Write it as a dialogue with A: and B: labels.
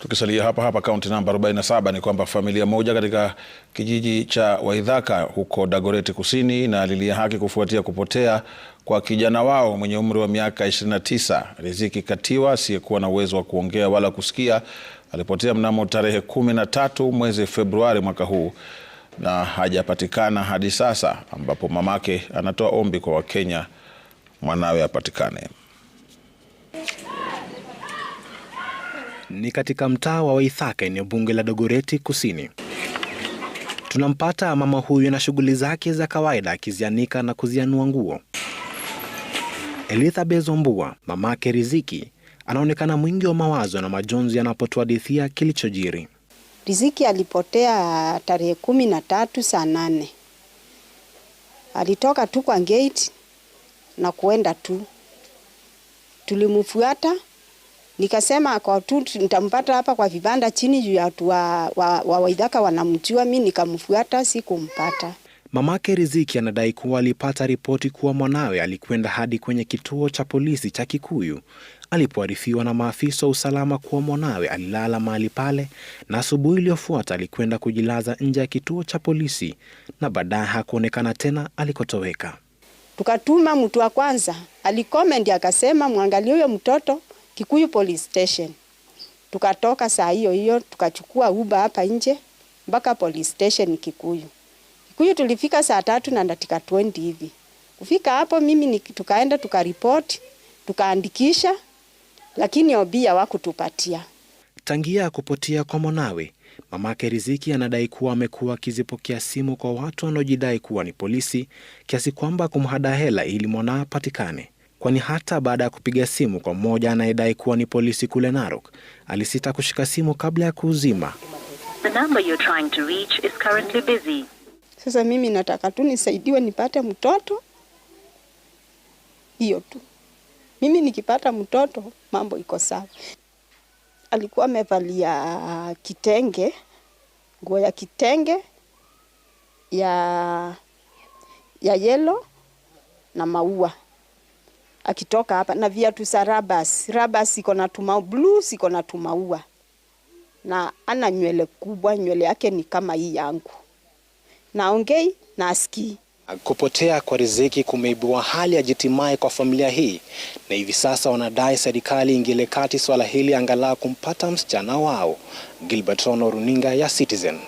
A: Tukisalia hapa hapa kaunti namba 47 ni kwamba familia moja katika kijiji cha waidhaka huko Dagoreti Kusini inalilia haki kufuatia kupotea kwa kijana wao mwenye umri wa miaka 29. Riziki Katiwa asiyekuwa na uwezo wa kuongea wala kusikia alipotea mnamo tarehe 13 mwezi Februari mwaka huu na hajapatikana hadi sasa, ambapo mamake anatoa ombi kwa Wakenya mwanawe apatikane. ni katika mtaa wa Waithaka, eneo bunge la Dogoreti Kusini. Tunampata mama huyu na shughuli zake za kawaida, akizianika na kuzianua nguo. Elizabeth Zombua, mamake Riziki, anaonekana mwingi wa mawazo na majonzi anapotuadithia kilichojiri.
B: Riziki alipotea tarehe kumi na tatu saa nane. Alitoka tu kwa gate na kuenda tu, tulimfuata Nikasema kwa tu nitampata hapa kwa vibanda chini juu ya watu wa, wa, wa wanamjua, mi nikamfuata, sikumpata.
A: Mamake Riziki anadai kuwa alipata ripoti kuwa mwanawe alikwenda hadi kwenye kituo cha polisi cha Kikuyu alipoarifiwa na maafisa wa usalama kuwa mwanawe alilala mahali pale, na asubuhi iliyofuata alikwenda kujilaza nje ya kituo cha polisi na baadaye hakuonekana tena alikotoweka.
B: Tukatuma mtu wa kwanza alikomendi akasema mwangalie huyo mtoto Kikuyu Police Station. Tukatoka saa hiyo hiyo tukachukua uba hapa nje mpaka Police Station Kikuyu. Kikuyu tulifika saa tatu na dakika 20 hivi. Kufika hapo mimi ni, tukaenda tukaripoti, tukaandikisha lakini obia wakutupatia.
A: Tangia kupotea kwa mwanawe, mamake Riziki anadai kuwa amekuwa akizipokea simu kwa watu wanaojidai kuwa ni polisi kiasi kwamba kumhada hela ili mwanawe apatikane kwani hata baada ya kupiga simu kwa mmoja anayedai kuwa ni polisi kule Narok, alisita kushika simu kabla ya kuuzima.
B: Sasa mimi nataka tu nisaidiwe nipate mtoto, hiyo tu. Mimi nikipata mtoto mambo iko sawa. Alikuwa amevalia kitenge, nguo ya kitenge ya ya yelo na maua akitoka hapa, na viatu za rabas. Rabas iko na tumau blue, siko na tumaua, na ana nywele kubwa, nywele yake ni kama hii yangu, naongei na asikii.
A: Kupotea kwa riziki kumeibua hali ya jitimai kwa familia hii, na hivi sasa wanadai serikali ingile kati swala hili angalau kumpata msichana wao. Gilbert Rono, runinga ya Citizen.